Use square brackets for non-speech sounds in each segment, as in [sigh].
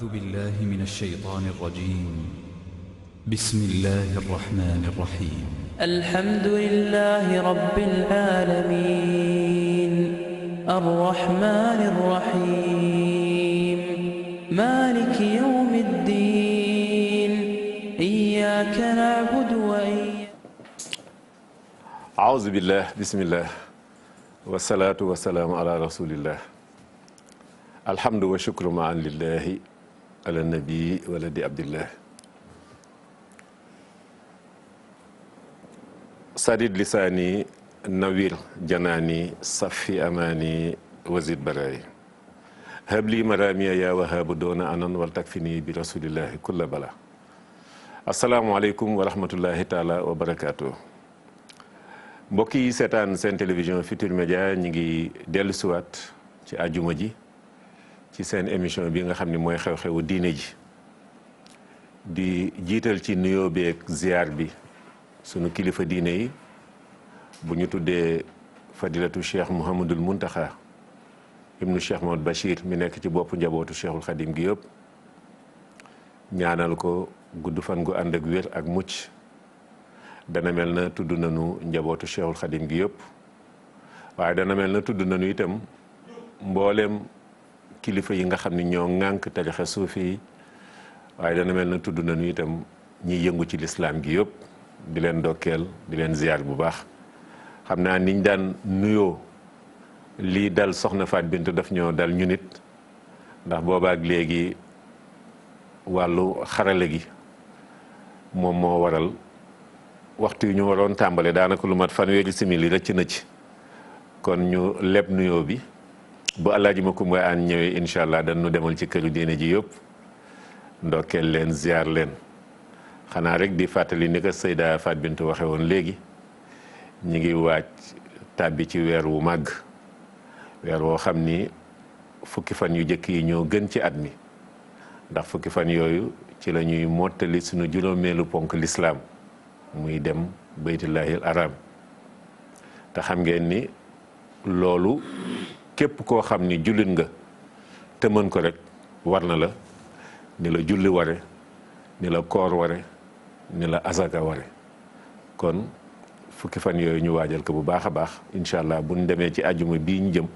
أعوذ بالله من الشيطان الرجيم بسم الله الرحمن الرحيم الحمد لله رب العالمين الرحمن الرحيم مالك يوم الدين إياك نعبد وإياك أعوذ بالله بسم الله والصلاة والسلام على رسول الله alhamdu wa shukru maan lillahi ala nabi wala di abdillah sadid lisaani nawir janaani safi amaani wazid baraay habli maramiya yaa wahaabu doona anan wal takfini bi rasulillahi kulla bala asalaamualeykum wa rahmatullahi taala wa barakaatu mbokk yi seetaan seen télévision Futurs Médias ñi ngi dellusiwaat ci àjjuma ji ci seen émission bi nga xam ni mooy xew-xewu diine ji di jiital ci nuyoo beeg ziar bi sunu kilifa diine yi bu ñu tuddee fadilatu cheikh Mouhamadul Muntaxa ibnu cheikh Mahmoud Bachir mi nekk ci boppu njabootu cheikhul xadim gi yëpp ñaanal ko gudd fan gu ànd ak wér ak mucc dana mel na tudd nañu njabootu cheikhul xadim gi yëpp waaye dana mel na tudd nañu itam mbooleem kilifa yi nga xam ne ñoo ŋànk tarixa suufi yi waaye dana mel na tudd nañu itam ñiy yëngu ci lislaam gi yëpp di leen dokkeel di leen ziyaar bu baax xam naa niñ daan nuyoo lii dal soxna Faat Bintu daf ñoo dal ñu nit ndax boobaak léegi wàllu xarala gi moom moo waral waxtu yu ñu waroon tàmbale daanaka lu mat fanweeri simili rëcc na ci kon ñu leb nuyoo bi bu alaaji ma kumba aan ñëwee incha allah dañu demal ci këru diine ji yëpp ndokkeel leen ziar leen xanaa rek di fàttali ni ko Seyda Fat Bintou waxe woon léegi ñu ngi waaj tàbbi ci weer wu màgg weer woo xam ni fukki fan yu njëkk yi ñoo gën ci at mi ndax fukki fan yooyu ci lañuy ñuy mottali suñu juróomeelu ponk lislaam muy dem baytullahil araam te xam ngeen ni loolu képp koo xam ni jullit nga te mën ko rek war na la ni la julli ware ni la koor ware ni la asaka ware kon fukki fan yooyu ñu waajal ko bu baax a baax incha allah buñ demee ci àjjuma bii ñu jëm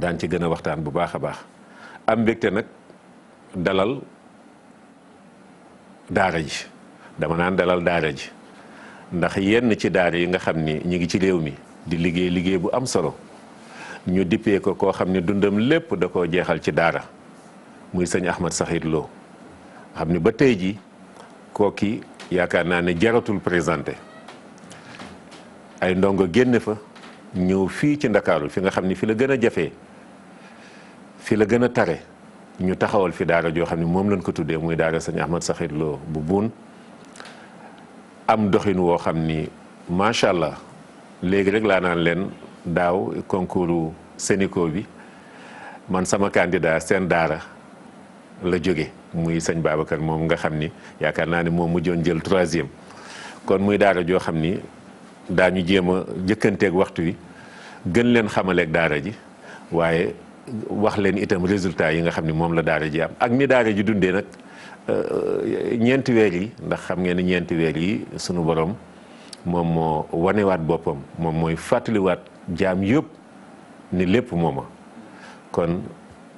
daan ci gën a waxtaan bu baax a baax am mbégte nag dalal daara ji dama naan dalal daara ji ndax yenn ci daara yi nga xam ni ñu ngi ci réew mi di liggéey liggéey bu am solo ñu dippee ko koo xam ne dundam lépp da koo jeexal ci daara muy sëñ Ahmad Saxid Lo xam ne ba tey ji kooki yaakaar naa ne jaratul présenté ay ndongo génn fa ñëw fii ci ndakaaru fi nga xam ni fi la gën a jafee fi la gën a tare ñu taxawal fi daara joo xam ne moom lañ ko tuddee muy daara sëñ Ahmad Saxid Lo bu buun am doxin woo xam ni macha allah léegi rek laa naan leen daaw concours Sénico bi man sama candidat seen daara la jóge muy sëñ Babacar moom nga xam ni yaakaar naa ne moom mu joon jël troisième kon muy daara joo xam ni daañu jéem a jëkkanteeg waxtu wi gën leen xamaleeg daara ji waaye wax leen itam résultat yi nga xam ni moom la daara ji am ak ni daara ji dundee nag euh, ñeenti weer yi ndax xam ngeen ni ñeenti weer yi suñu borom moom moo wanewaat boppam moom mooy fàttaliwaat. jaam yëpp ni lépp mooma kon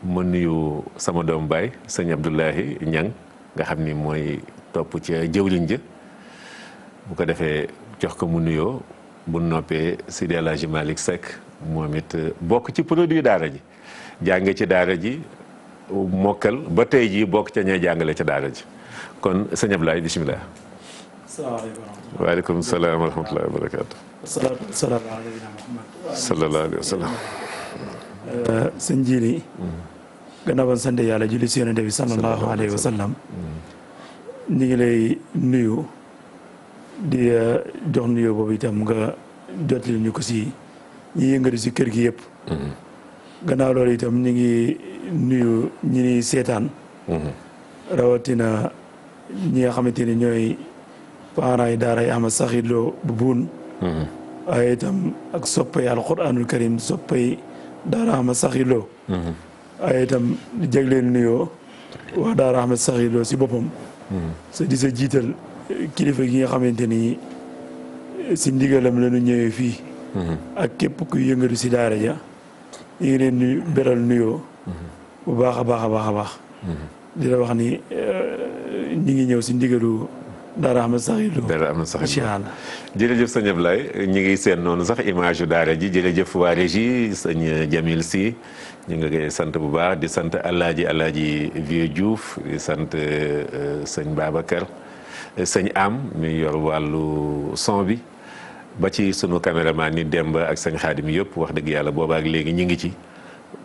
ma nuyu sama doom baay sëñ Abdoulahi Ñang nga xam ni mooy topp ca jëwriñ ja bu ko defee jox ko mu nuyoo bu noppee si El Hadji Malick Seck moom it bokk ci produit daara ji jànge ci daara ji mokkal ba tey jii bokk ca ñay jàngale ca daara ji kon sëñ Abdoulaye bisimilah. salaamaaleykum waaleykum salaam wa wa barakaatu. salaam sallallahu alayhi wa sallam. sëñ Jili. gannaaw sant yàlla julli si yonente bi sallallahu alayhi wa sallam. ñu ngi lay nuyu. di eh, jox nuyu boobu itam nga jotali ñu ko si ñi yëngatu si kër gi yëpp. gannaaw loolu itam ñu ngi nuyu ñi ni seetaan. rawatina ñi nga xamante ni ñooy parents yi daara yi Ahmed Sakhir Lo bu buun. waaye itam ak soppay alquranul karim soppay daara Ahmed Sakhir Lo waaye mhm. itam di jagleel nuyoo waa daara Ahmed Sakhir Lo si boppam mhm. sa di sa jiital kilifa gi nga xamante ni si ndigalam la ñu ñëwee fii mhm. ak képp kuy yëngatu si daara ja yi ngi leen beral nuyoo bu baax a baax a baax a baax di la wax ni euh, ñi ngi ñëw si ndigalu dara am sax dara am sax incha allah jërëjëf sëñ Ablaye ñu ngi seen noonu sax image yu daara ji jërëjëf waa régie sëñ Jamil si ñu ngi koy sant bu baax di sant alaaji alaaji Vieux Diouf di sant euh, sëñ Babacar sëñ Am mi yor wàllu son bi ba ci sunu caméraman ni Demba ak sëñ Xaadim yëpp wax dëgg yàlla booba ak léegi ñu ngi ci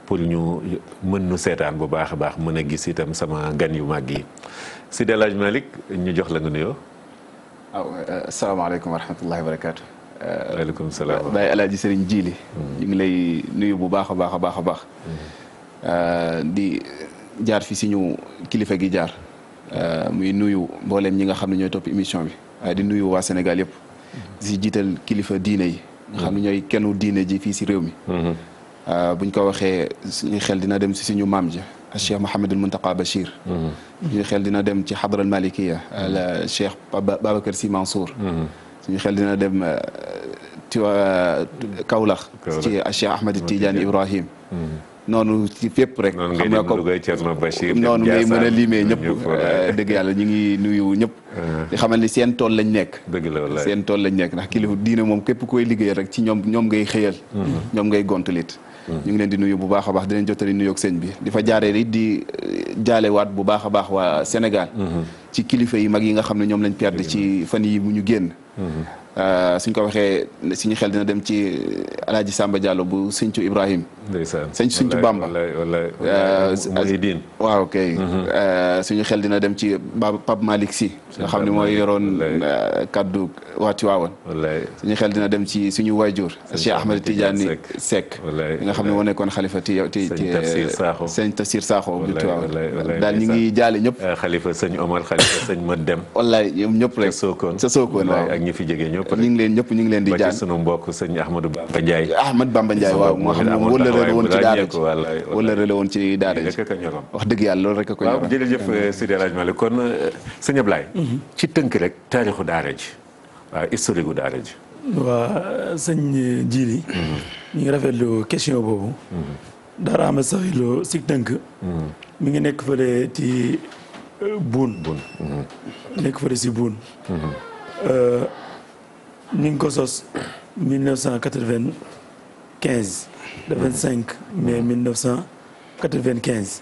pour ñu mën nu seetaan bu baax a baax mën a gis itam sama gan yu mag yi. Seydi El Hadj Malick ñu jox la nga nuyoo. waaw ah, euh, asalaamaaleykum wa rahmatullahi wa barakaatu. Euh, waaleykum salaam hmm. ñu ngi lay nuyu bu baax a baax a baax a baax. Hmm. Euh, di jaar fi suñu kilifa gi jaar. muy nuyu mbooleem ñi nga xam ne ñooy topp émission bi waaye di nuyu waa Sénégal yëpp. si jiital kilifa diine yi. nga xam ne ñooy kennu diine ji fii si réew mi. Hmm. buñ ko waxee suñu xel dina dem si suñu maam ji. Cheikh Mouhamadul Muntaqa Bachir. Mm-hmm. suñu xel dina dem ci xadral malikiya al Cheikh Babacar Sy Mansour. Mm-hmm. suñu xel dina dem euh, Tiwa Kaolack. ci Cheikh Ahmed Tidiane Ibrahim. Mm-hmm. noonu ci fépp rek. xam nga comme noonu ngay mën a limee ñëpp. Euh, dëgg yàlla ñu ngi nuyu ñëpp. Uh-huh. di xamal ni seen tool lañ nekk. dëgg la wallaay seen tool lañ nekk ndax kilifa diine moom képp koy liggéey rek ci ñoom ñoom ngay xëyal. ñoom ngay gontalit. Mm-hmm. ñu ngi leen di nuyu bu baax a baax di leen jottali nuyoog sëñ bi di fa jaaree di eh, jaalewaat bu baax a baax waa Sénégal. Mm-hmm. ci kilifa yi mag yi nga xam ne ñoom lañ perdre ci fan yi mu ñu génn. Euh, suñ ko waxee suñu xel dina dem ci euh, alaaji Samba Diallo bu Sëñcu Ibrahim ndeysaan sëñ Sëñcu Bamba wallay euh, waaw kay mhm. suñu xel dina dem ci Pape Malick Sy nga xam ne mooy yoroon kaddu waa Tiwaawan suñu xel dina dem ci suñu waajur Cheikh Ahmed Tidiane Seck nga xam ne moo nekkoon xalifa ti ti sëñ Tafsir Sakho bu Tiwaawan daal ñu ngi ñëpp xalifa sëñ Omar xalifa sëñ Dem wallaay ñoom ñëpp rek ñi fi jege ñëpp ñu ngi leen ñëpp ñu ngi leen di jaan ba ci sunu mbokk sëñ Ahmadou Bamba Ndiaye Ahmad Bamba Ndiaye waaw moo xam ne wëllëre la woon ci daara ji wëllëre la woon ci daara wax dëgg yàlla loolu rek a ko ñoroon waaw jërëjëf mm-hmm. euh, Sidi El Hadj Malick kon euh, mm-hmm. ci tënk rek taarixu daara ji waaw historique gu daara waa sëñ Djili mm-hmm. ñu ngi rafetlu question boobu daara Ahmad Sakhir si tënk mi ngi nekk fële ci euh, buun buun nekk fële si buun Euh, ñu ngi ko sos 1995 le 25 mai 1995.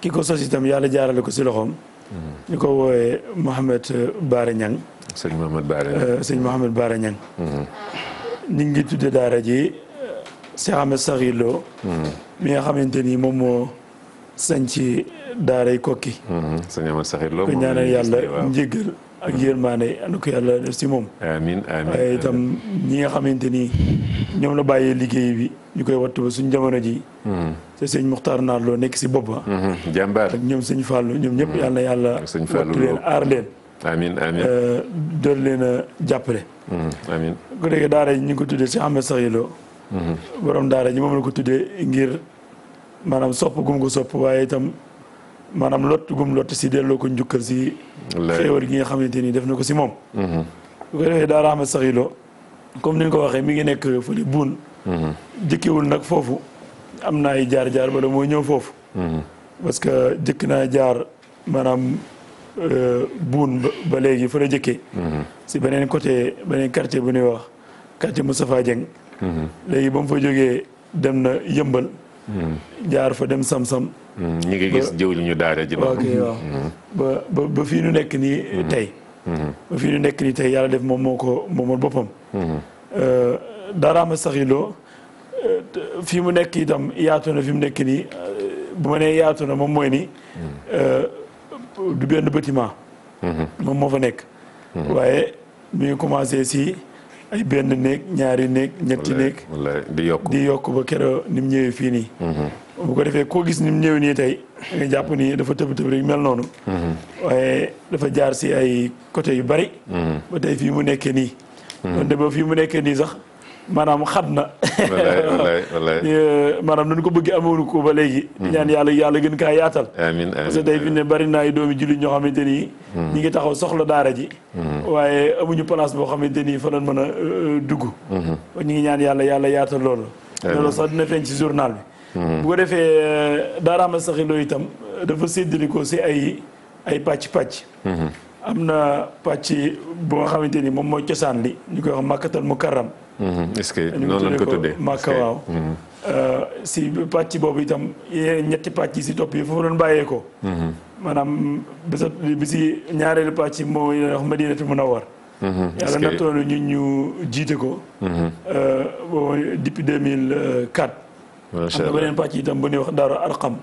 ki ko sos itam yàlla jaarale ko si loxoom. ñu ko wooyee Mouhamed Baara Niang. sëñ Mouhamed Baara Niang euh, sëñ Mouhamed Baara Niang. ñu ngi tuddee daara ji euh, Cheikh Ahmed Sakhir Lo. nga xamante ni moom moo sañ ci daaray kokki. sëñ Ahmed Sakhir Lo moom ñaanal yàlla njëggal. ak yërmande anu ko yàlla si moom. amiin amiin waaye itam ñi nga xamante ni ñoom la bàyyee liggéey bi ñu koy wattu ba suñu jamono ji hmm. te sëñ naa loo nekk si bopp ba. Hmm, jàmbaar ak ñoom sëñ Fallou ñoom ñëpp yàlla na yàlla. wattu leen aar leen. amiin amiin euh, leen a jàppale. Hmm, amiin ku daara ji ñu ko tuddee si Ahmed Sakhir Lo. borom daara ji moom la ko tuddee ngir maanaam sopp gum ko sopp waaye itam. maanaam lott gum lott si delloo ko njukkal si xéewal gi nga xamante ni def na ko si moom bu mhm. ko defee daara Ahmed Sakhir Lo comme ni nga ko waxee mi ngi nekk fële buun jëkkewul mhm. nag foofu am na ay jaar-jaar bala moo ñëw foofu mhm. parce que jëkk naa jaar maanaam euh, buun ba léegi fa la jëkkee si beneen côté beneen quartier bu nuy wax quartier Moustapha Dieng léegi ba mu fa jógee dem na yëmbal jaar fa dem sam-sam Mm, ñi ngi gis ñu daara ji waaw mm-hmm. ba ba ba fii ñu nekk nii eh, mm-hmm. tey mm-hmm. ba fii ñu nekk nii tey yàlla def moom moo ko moomal boppam eh, daaraama saxiloo eh, fii mu nekk itam yaatu na fi mu nekk nii bu ma nee yaatu na moom mooy ni du benn bâtiment moom moo fa nekk waaye mi ngi commencé si ay benn néeg ñaari néeg ñetti néeg di yokk di yokk ba keroog ni mu ñëwee fii nii bu ko defee koo gis ni mu ñëw nii tey nga jàpp ni dafa tëb tëb rek mel noonu. Mhm. waaye dafa jaar si ay côté yu bari. Mhm. ba tey fii mu nekkee nii. Mhm. donte ba fii mu nekkee nii sax maanaam xat na. wallaay [laughs] wallaay euh, ko bëgg amoonu ko ba léegi. ñaan yàlla yàlla gën kaa yaatal. amiin amiin bari na ay doomi jullit ñoo xamante ni. ñi ngi taxaw soxla daara ji. waaye amuñu place boo xamante ni fa lañ mën a euh, dugg. ngi ñaan yàlla yàlla yaatal loolu. loolu dina feeñ ci journal bi. Hmm. bu ko defee euh, daara Massaxilo itam euh, dafa séddalikoo si ay ay pàcc-pàcc hmm. am na pàcc bu nga xamante ni moom mooy cosaan li ñu koy wax màkkatal mu karam hmm. est-ce que noonu lañ euh, si pàcc boobu itam ñetti pàcc yi si topp yi foofu doon bàyyee ko maanaam bisa bi si ñaareelu pàcc mooy wax a war yàlla nattoonu ñu ñu jiite ko boobu depuis 2004 macha allah am na beneen pàcc itam bu ñuy wax Daaru Arqam.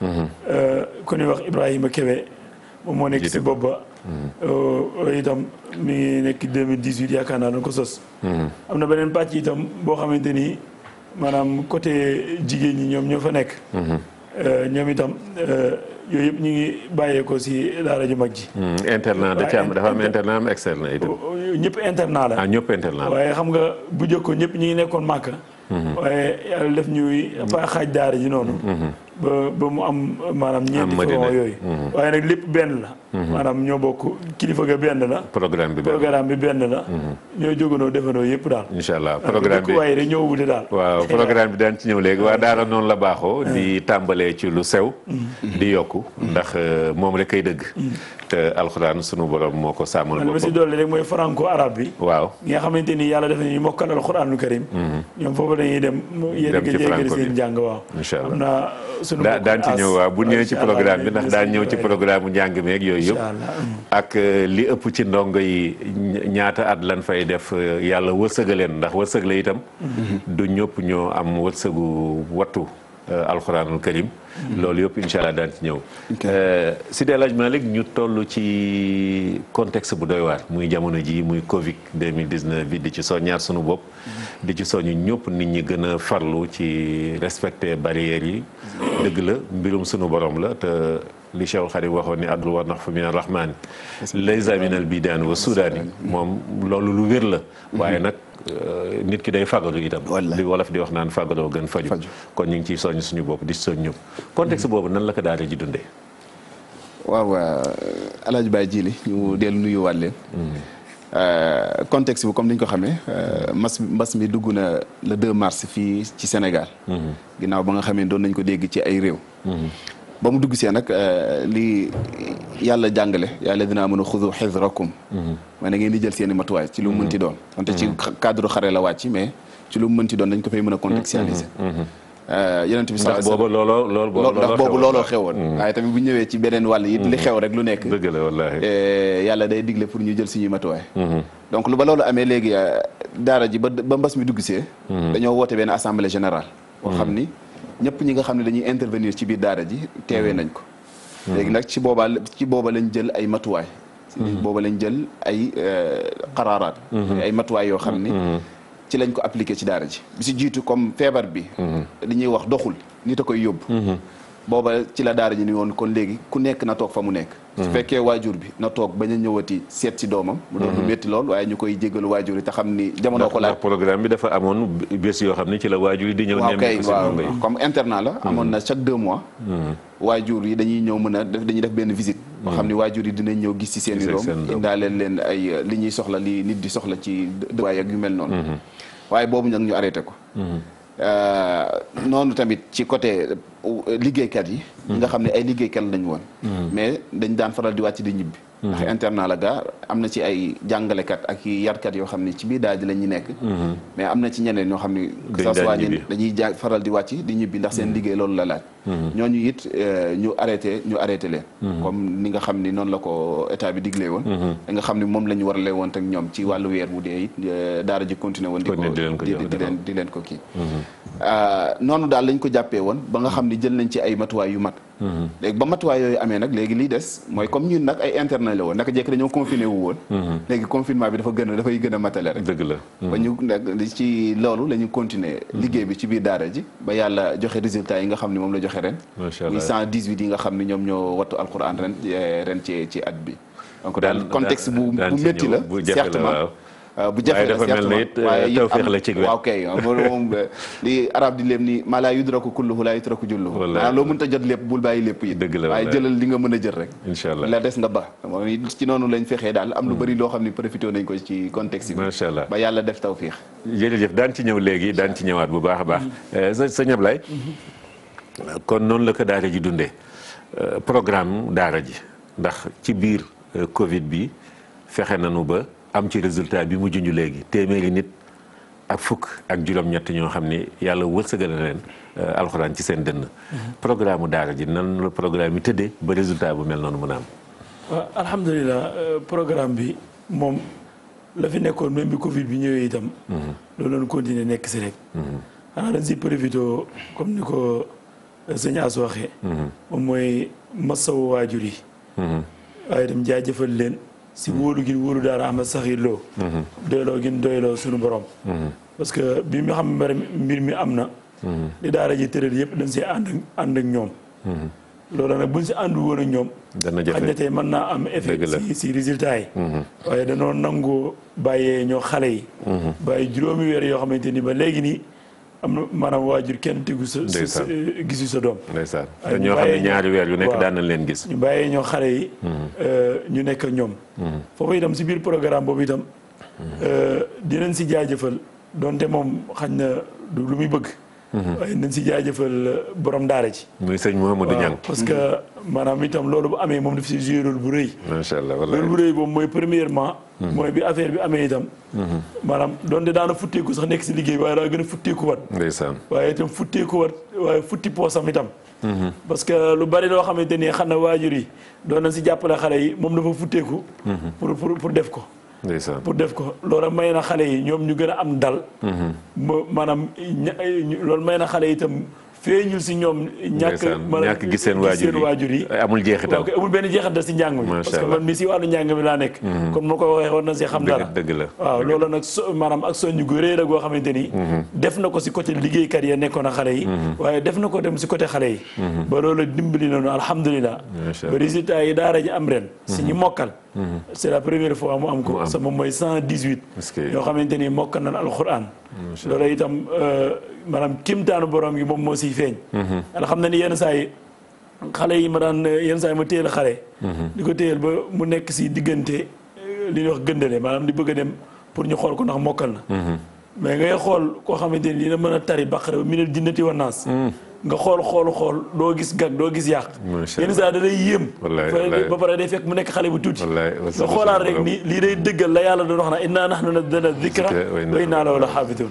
Mhm. Euh, ku ñuy wax Ibrahima Kébé. moom moo nekk si bopp ba. Mhm. Euh, euh, itam nekk ngi nekk 2018 yaakaar naa doon ko sos. Mhm. am na beneen pàcc itam boo xamante ni maanaam côté jigéen ñi ñoom ñoo fa nekk. ñoom itam yooyu yëpp ñu ngi bàyyeekoo si daara ju mag ji. internat da ci am dafa am internat am externat ñëpp internat la. ah ñëpp internat la waaye xam nga bu njëkkoon ñëpp ñu ngi nekkoon màkk. waaye yàlla def ñuy. paaxaaj daara ji noonu. ba mu am maanaam ñeenti front yooyu mm-hmm. waaye nag lépp benn la mm-hmm. maanaam ñoo bokk kilifa ga benn la programme bi programme bi benn la mm-hmm. ñoo jóganoo defandoo yëpp daal incha allah programme bi waaye rek ñoo wute daal waaw programme bi daan ci ñëw léegi waa daara noonu la baaxoo di tàmbalee ci lu sew di yokk ndax euh, moom rek kay dëgg te alxuraan sunu borom moo ko sàmmal boppam man si doole rek mooy franco arabe bi waaw ñi nga xamante ni yàlla def nañu mokkal ko karim ñoom foofu dañuy dem yéen a ngi jéegal seen jàng waaw incha allah sunu mbokku daan ci ñëw waaw bu ñëwee ci programme bi ndax daan ñëw ci programme mu njàng meeg yooyu yëpp. ak euh, li ëpp ci ndongo yi ñaata at lan fay def euh, yàlla wërsëga leen ndax wërsëg la itam. Mm-hmm. du ñëpp ñoo am wërsëgu wattu euh, alxuraanul karim. Mm-hmm. loolu yëpp incha allah daan ci ñëw. si El Hadj Malick ñu toll ci contexte bu doy waar muy jamono ji muy Covid 2019 bi di ci ñaar sunu bopp. Mm-hmm. di ci soñu ñëpp nit ñi gën a farlu ci respecter barrières yi dëgg la mbirum sunu borom la te li Cheikh Xadim waxoon ni adul war nax fa minal rahmaani laysa minal bidaani wa sudaani moom loolu lu wér la waaye nag euh, nit ki day fagaru itam li wolof di wax naan fagaroo gën faju kon ñu ngi ciy soññ suñu bopp di soñ ñëpp contexte boobu nan la ko daara ji dundee waaw Alaaji Baay Jili ñu dellu nuyuwaat leen hmm. Euh, contexte bi comme ni ñu ko xamee euh, mas mbas mi dugg na le 2 mars fii ci Sénégal. Mhm. ginnaaw ba nga xamee doon nañ ko dégg ci ay réew. Mhm. ba mu dugg see nag euh, li yàlla jàngale yàlla dinaa mën a xudu xidrakum. ma mhm. ne ngeen di jël seen i matuwaay ci lu mu mënti doon. wante ci cadre xare la wàcc mais ci lu mu mënti doon dañ ko fay mën a contextualiser. Euh, yonent bi ndax boobu looloo lool ndax boobu looloo xewoon mm. waaye tamit bu ñëwee ci beneen wàll yi li mm. xew rek lu nekk dëgg la wallaahi euh, yàlla day digle pour ñu jël suñuy matuwaay mm-hmm. donc lu ba loolu amee léegi euh, daara ji ba ba mbas mi dugg mm-hmm. dañoo woote benn assemblée général boo xam ni mm-hmm. ñëpp ñi nga xam ne dañuy intervenir ci biir daara ji teewee nañ ko léegi nag ci boobaa ci booba lañ jël ay matuwaay booba lañ jël ay xaraaraat ay matuwaay yoo xam ni ci lañ ko appliqué ci daara ji bi si jiitu comme feebar bi mhm. li ñuy wax doxul nit a koy yóbbu mhm. booba ci la daara ji ni woon kon léegi ku nekk na toog fa mu nekk su mhm. fekkee waajur bi na toog bañ a ñëwati seet si doomam mu doon lu métti lool waaye ñu koy jégalu waajur yi te xam ni jamono ko laaj programme bi dafa amoon bés yoo xam ne ci la waajur yi di ñëw waaw kay waaw comme internat la amoon na chaque de mois waajur yi dañuy ñëw mën a def dañuy def benn nga xam ni waajur yi dinañ ñëw gis ci seen i doom indaale leen ay uh, li ñuy soxla li nit di soxla ci dëwaay ak yu mel noonu mm-hmm. waaye boobu nag ñu arrêté ko mm-hmm. uh, noonu tamit ci côté uh, liggéeykat yi mm-hmm. nga xam ne ay liggéeykat lañu woon mais dañ daan faral di wàcc di ñibbi ndax la gaa am na ci ay jàngalekat ak i yarkat yoo xam ne ci biir daal di ñuy nekk mais am na ci ñeneen ñoo xam ne que ça soit dañuy faral di wàcc di ñibbi ndax seen liggéey loolu la laaj Mm-hmm. ñooñu it euh, ñu arrêté ñu arrêté leen. Mm-hmm. comme ni nga xam ni noonu la ko état bi diglee woon. Mm-hmm. nga xam ni moom la ñu warale woon ak ñoom ci wàllu weer bu dee it euh, ji continué woon. di ko di leen di leen ko kii. Euh, noonu daal lañ ko jàppee woon ba nga xam ni jël nañ ci ay matuwaay yu mat. léegi ba matuwaay yooyu amee nag léegi liy des mooy comme ñun nag ay internet la woon naka jekk dañoo confiné wu woon. léegi confinement bi dafa gën a dafay gën a matale rek. dëgg la ba ci loolu la ñu continué. liggéey bi ci biir daara ji ba yàlla joxe résultat yi nga xam ni moom la joxe neexee ren. macha allah muy 118 yi nga xam ne ñoom ñoo wattu alxuraan ren eh, ren ci ci at bi. donc daal contexte la certainement bu jafe la certainement euh, waaye dafa mel ni euh, waaw kay moom [laughs] li arab di leen ni maa laa yudraku kulluhu laa yutraku julluhu. wallaay loo mënta jot lépp bul bàyyi lépp yi. dëgg la waaye jëlal li nga mën a jël rek. incha allah la des nga ba moom it ci noonu lañ fexee daal am lu hmm. bëri loo xam ni profité nañ ko ci contexte bi. macha allah ba yàlla def tawfiix. jërëjëf daan ci ñëw léegi daan ci ñëwaat bu baax a baax. Hmm. Euh, sëñ Ablaye. Hmm. kon noonu la ko daara ji dundee euh, programme daara ji ndax ci biir euh, Covid bi fexe nañu ba am ci résultat bi mu junj léegi téeméeri nit ak fukk ak juróom-ñett ñoo xam ni yàlla wërsëgal na leen euh, alxuraan ci seen dënn. Mhm. programme mu daara ji nan la programme yi tëddee ba résultat bu mel noonu mën am. alhamdulilah programme bi moom la fi nekkoon même bi Covid bi ñëwee itam. Mhm. loolu doon continuer nekk si rek. xanaa mhm. ah, dañ si profité comme ni ko. sëñ Asu waxee mhm. moom mooy masawu waajur yi mhm. waaye dem jaajëfal leen si mhm. wóolu gin wóolu daal am Saxiir Lo doyloo gin doyloo suñu borom parce que bi nga xam mbir mi am na li daara ji tëral yëpp dañ see ànd ànd ñoom loolu nag bu si àndu woon ñoom xañ na tey mën naa am effet si si résultat yi waaye danoo nangoo bàyyee ñoo xale yi bàyyi juróomi weer yoo xamante ni ba léegi nii am na maanaam waajur kenn tegu sa. sa eh, gisu sa doom. ndeysaan te ñoo xam ne ñaari weer yu nekk daan nañ leen gis. ñu bàyyee ñoo xale yi. Mhm. Eh, ñu nekk ak ñoom. Mhm. foofu itam si biir programme boobu tam itam. Mhm. Eh, dinañ si jaajëfal donte moom xañ na lu muy bëgg. nañ si jaajafal uh, borom daara ci muy sëñ Mouhamadou Niang parce que maanaam itam loolu bu amee moom daf si joué bu rëy macha allah wallaahi bu rëy boobu mooy premièrement hmm. mooy bi affaire bi amee itam hmm. maanaam doonte daana futteeku sax nekk si liggéey waaye daa gën a futteeku wat ndeysaan waaye itam futteeku wat waaye futti poosam itam hmm. parce que lu bari loo xamante ni xam na waajur yi doon nañ si jàppale xale yi moom dafa futteeku pour pour pour def ko pour def ko loolu may na xale yi ñoom ñu gën a am dal. Mhm. maanaam lool may na xale yi tam feeñul si ñoom. ñàkk ñàkk gis seen waajur yi amul jeexital amul benn jeexital si njàng mi. parce que man mi si wàllu njàng laa nekk. Mhm. comme ma ko waxee war na si xam dara dëgg la waaw loolu nag so maanaam ak soññ gu rëy la goo xamante ni. Mhm. def na ko si côté liggéeykat yi nekkoon a xale yi. waaye def na ko dem si côté xale yi. ba loolu dimbali nu alhamdulilah. ba résultat yi daara ji am ren. si ñu mokkal. Mm-hmm. c'est la première fois mu am ko sama mooy cent dix-huit ñoo xamante ni mokk nan alxuraan loolu itam euh, maanaam kimtaanu borom gi moom moo siy feeñ ala mm-hmm. na ni yenn saa yi xale yi ma daan yenn saa yi ma téyel xale mm-hmm. di ko téyel ba mu nekk si diggante euh, li ñuy wax gëndale maanaam di bëgg a dem pour ñu xool ko ndax mokkal na mais ngay xool koo xamante ni dina mën a tari baqara minal jinnati wa naas mm. nga xool xool xool doo gis gag doo gis yàq yenn saa da lay yéem ba pare day fekk mu nekk xale bu tuuti nga xoolaat rek ni lii day dëggal la yàlla doon wax na inna nahnu nazzalna dhikra wa inna lahu la xaafidun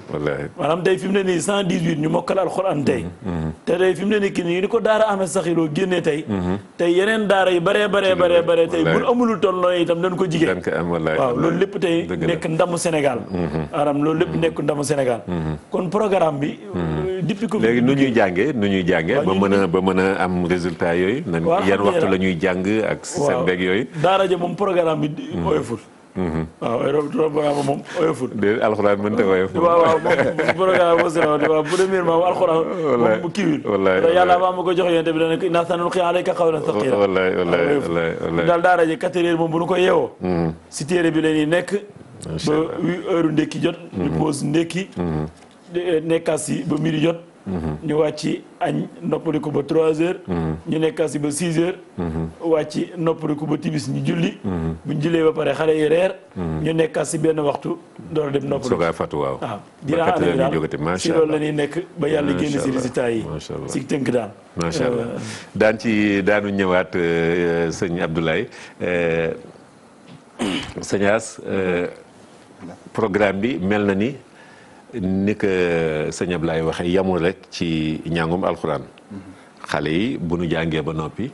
maanaam tey fi mu ne nii 118 ñu mokkal alxuraan tey mm-hmm, mm-hmm. te tey fi mu ne nii kii nii ni ko daara Ahmed Sakhirou génnee tey mm-hmm. tey yeneen daara yi baree baree baree baree tey bu amulu toll noonu itam dañ ko jigéen waaw loolu lépp nekk ndamu Sénégal maanaam loolu lépp nekk ndamu Sénégal kon programme bi depuis que léegi nu ñuy jàngee nu ñuy jàngee ba mën a ba mën a am résultat yooyu. nan yan waxtu la ñuy jàng ak. système beeg yooyu. daara moom programme bi mm-hmm. oyoful. Mm-hmm. waaw programme moom oyoful. alxuraan mënut a oyof. waaw waaw programme boo seetloo waaw premièrement alxuraan. [laughs] wallaay moom kii bi. wallaay wallaay yàlla ma ko jox yonent bi dana ko innaa sanulqii alayka qawlan saqiila. wallaay wallaay wallaay daal daara ja quatre moom bu nu ko yeewoo. Mm-hmm. si téere bi la nekk. ba huit heures ndékki jot. ñu pause ndékki. Eh, nekkaas yi ba midi jot. ñu wàcc añ noppaliku ba trois heures ñu nekkaat si ba six heures wàcc noppaliku ba tibis ñu julli buñ jullee ba pare xale yi reer ñu nekkaat si benn waxtu door a dem noppaliku waaw waaw dinaa la ñuy nekk ba yàlla génn si résultat yi si tënk daal macha euh, allah daan ci daanu ñëwaat euh, sëñ Abdoulaye euh, sëñ programme bi mel na ni ni ko sëñ Ablaye waxee yamul rek ci ñàngum alxuraan xale yi bu nu jàngee ba noppi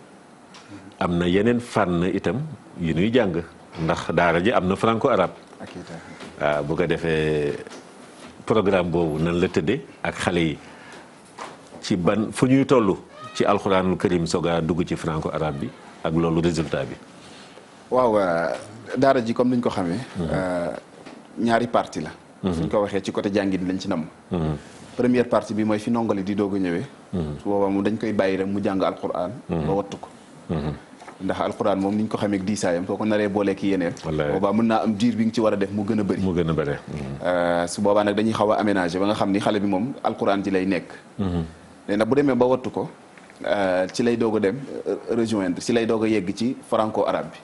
am na yeneen fànn itam yu nuy jàng ndax daara ji am na franco arabe waaw ah, bu ko defee programme boobu nan la tëddee ak xale yi ci ban fu ñuy toll ci alxuraanul karim soga dugg ci franco arabe bi ak loolu résultat bi waaw euh, daara ji comme niñ ko xamee mm-hmm. euh, ñaari parti la Mm-hmm. suñ ko waxee ci côté jàngin lañ ci nam mm-hmm. première partie bi mooy fi nongole di doog a ñëwee mm-hmm. su boobaa moom dañ koy bàyyi rek mu jàng alquran ba wattu ko ndax alquran moom ni ko xamee ak diisaayam foo ko naree boolee ki yeneen boobaa mën naa am diir bi nga ci war a def mu gën a bëri mu gën a bëri euh, su boobaa nag dañuy xaw a aménager ba nga xam ni xale bi moom al alquran ji lay nekk léegi nag bu demee ba wattu ko euh, ci lay doog a dem euh, rejoindre ci lay doog a yegg ci franco arab bi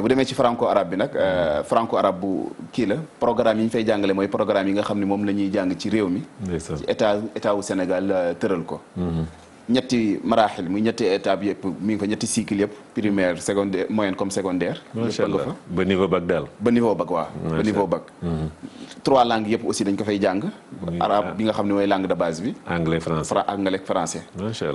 bu demee ci franco arabe bi nag euh, franco arabe bu kii la programme yi ñu fay jàngale mooy programme yi nga xam ne moom la ñuy jàng ci réew mi. ci état état wu Sénégal euh, tëral ko. Mm-hmm. ñetti maraaxil muy ñetti étape yëpp mi fa ñetti cycle yëpp primaire secondaire moyenne comme secondaire. macha allah ba niveau bac daal. ba niveau bac waaw. ba niveau bac. Mhm. trois langues yëpp aussi dañ ko fay jàng. arabe ah. bi nga xam ne mooy langue de base bi. anglais français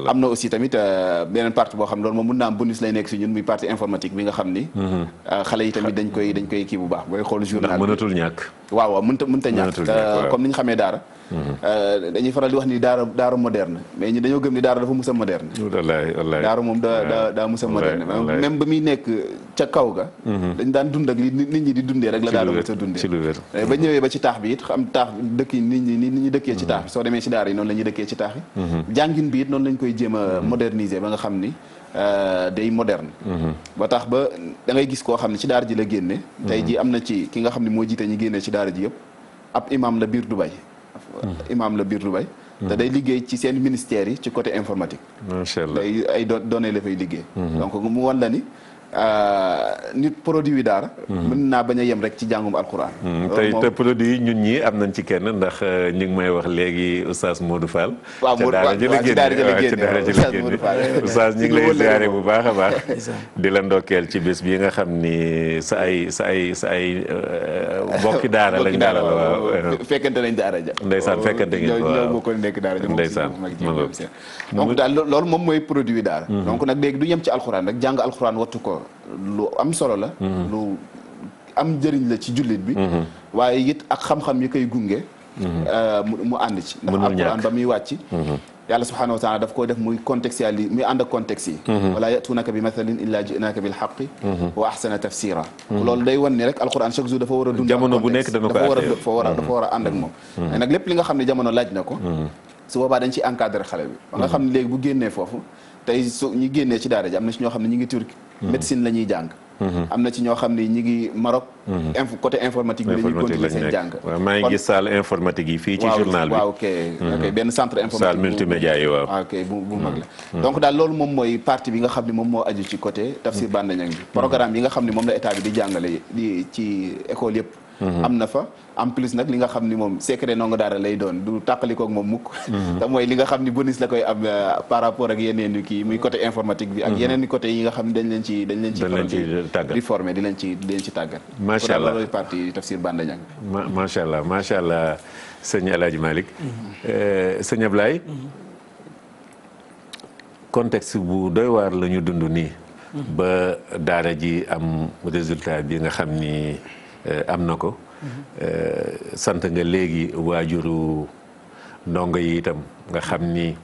am na aussi tamit euh, beneen partie boo xam ne loolu moom mun naa am bonus lay nekk si ñun muy partie informatique bi nga xam ni. Mhm. Euh, xale yi tamit dañ koy dañ kii bu baax booy xool journal bi. ndax mënatul ñàkk. waaw waaw mënta mënta ñàkk euh, comme ni xamee daara. Euh, dañuy faral di wax ni daara daara moderne mais ñi dañoo gëm ni daara dafa musa moderne wallaay wallaay daara moom daa même ba muy nekk ca kaw ga mhm. dañ daan dund ak li nit ñi di dundee rek la daara musa dundee euh, ba ñëwee ba ci taax bi it xam taax dëkk yi nit ñi nit dëkkee ci mhm. taax bi soo demee ci daara yi noonu la ñuy dëkkee ci taax yi mhm. jàngin bi it noonu lañ koy jéem a ba nga xam ni euh, day moderne ba tax ba da ngay gis koo xam ne ci daara ji la génne tey ji am na ci ki nga xam ne moo jiite ñi génne ci daara ji yëpp ab imam la biir Dubai Euh, imam la biir Dubaï. te day liggéey ci seen ministères yi ci côté informatique. macha allah day ay données la fay liggéey. Mhm. donc mu wan ni. Euh, nit produit yi daara. Hmm. mën naa bañ a yem rek ci jàngum alquran. Hmm, euh, tey te produit yi ñun ñii am nañ ci kenn ndax euh, ñu ngi may wax léegi oustaz Modou Fall. waaw Modou Fall waaw ci daara jële génne ci daara jële génne oustaz bu baax a baax. [laughs] di la ndokkeel ci bés bi nga xam ni sa ay sa ay sa ay bokki daara [laughs] lañ daara la waaw. fekkente nañ daara ja. ndeysaan oh, fekkente ngeen waaw ñoo bokkoon nekk daara ja. ndeysaan donc daal lool moom mooy produit yi daara. Hmm. donc nag léegi du yem ci alquran rek jàng alquran wattu ko lu am solo la. Mm-hmm. lu am njëriñ la ci jullit bi. Mm-hmm. waaye it ak xam-xam yi koy gunge. Mm-hmm. Euh, mu ànd ci. ndax alquran ba muy wàcc. yàlla subhanahu wa taala daf koo def muy contextuali muy ànd ak contexte yi wala yatuunaka bi mathalin illaa ji'naaka bil haqqi wa ahsana tafsira loolu day wan ni rek alquran chaque jour dafa war a dund jamono bu nekk dana ko dafa war a a dafa war a ànd ak moom nag lépp li nga xam ne jamono laaj na ko su boobaa dañ ciy encadré xale bi ba nga xam ne léegi bu génnee foofu tey su ñi génnee ci daara ji am na ci ñoo xam ne ñi ngi Turquie mhm. médecine la ñuy jàng mhm. am na ci ñoo xam ne ñi ngi Maroc mhm. info côté informatique bi la ñuy continuer seen jàng waaw ngi gis salle informatique yi fii ci journal bi benn centre informatique salle multimédia yi waaw ah, ok bu mag la donc daal loolu moom mooy partie bi nga xam ne moom moo aju ci côté tafsir Banda Niang bi programme yi nga xam ne moom la état bi di jàngale di ci école yëpp Mm-hmm. am na fa en plus nag li nga xam ni moom secret ndongo daara lay doon du tàqalikoog moom mukk mm-hmm. [laughs] te mooy li nga xam ni bonus la koy am euh, par rapport ak yeneen yu kii muy côté informatique bi ak mm-hmm. yeneen côté yi nga xam ni dañ leen ci dañ leen ci di former di leen ci di leen ci tàggat macha allah loolu parti Tafsir Banda Niang allah macha allah sëñ El Hadj Malick euh, sëñ Ablaye contexte bu doy waar la dund nii ba daara ji am résultat bi nga xam ni Euh, am na ko. Euh, sant nga léegi waajuru ndongo yi itam nga xam ni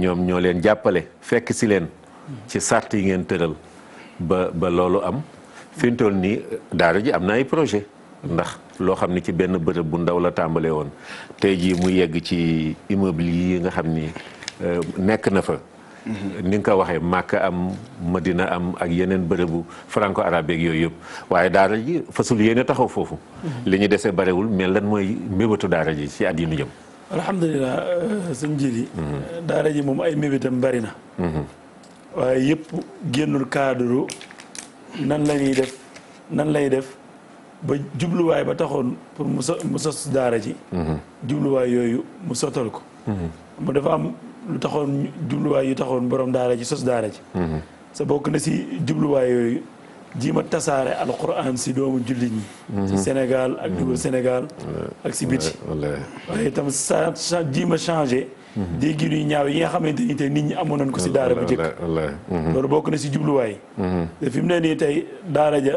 ñoom ñoo leen jàppale fekk si leen. ci sart yi ngeen tëral ba ba loolu am. fi mu toll nii daara ji am na ay projet ndax loo xam ne ci benn bërëb bu ndaw la tàmbalee woon tey jii mu yegg ci immeuble yi nga xam ni euh, nekk na fa. ni nga ko waxee Màkka am dina am ak yeneen bërëbu franco arabe ak yooyu yëpp waaye daara ji fasul yéene taxaw foofu. Hmm. li ñu dese barewul mais lan mooy mébétu daara ji si at yi nu jëm. alhamdulilah euh, sëñ Jili. Hmm. daara ji moom ay mébétam bari na. Hmm. waaye yëpp génnul cadre nan la ñuy def nan lay def ba jubluwaay ba taxoon pour mu sos daara ji. jubluwaay yooyu mu sotal ko. mu dafa lu taxoon jubluwaay yu taxoon boroom daara ji sos daara ji mhm. sa bokk na si jubluwaay yooyu jiima tasaare alquran si doomu jullit ñi. si mhm. Sénégal ak dugal mhm. Sénégal ak si biti waaye itam sa jiima changé déggi nuy ñaaw yi nga xamante ni tey nit ñi amoon nañ ko si daara bu njëkk loolu bokk na si jubluwaay te fi mu ne nii tey daara ja